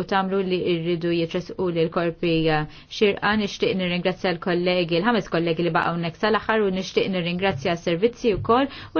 u tamlu li irridu jitresqu li l-korpi xirqa nishtiq nirringrazzja l-kollegi, l-ħames kollegi li baqgħu nek sal-aħħar u nishtiq nirringrazzja s-servizzi wkoll u